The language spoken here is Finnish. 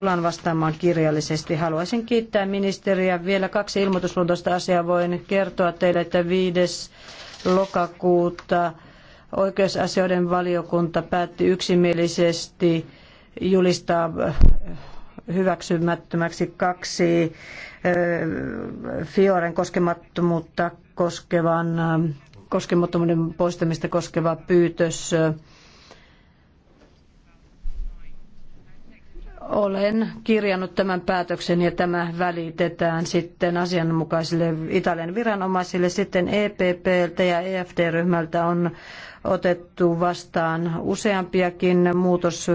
tullaan vastaamaan kirjallisesti. Haluaisin kiittää ministeriä. Vielä kaksi ilmoitusluontoista asiaa voin kertoa teille, että 5. lokakuuta oikeusasioiden valiokunta päätti yksimielisesti julistaa äh, hyväksymättömäksi kaksi äh, Fioren koskemattomuutta koskevan äh, koskemattomuuden poistamista koskeva pyytös Olen kirjannut tämän päätöksen ja tämä välitetään sitten asianmukaisille Italian viranomaisille. Sitten EPPltä ja EFD-ryhmältä on otettu vastaan useampiakin muutos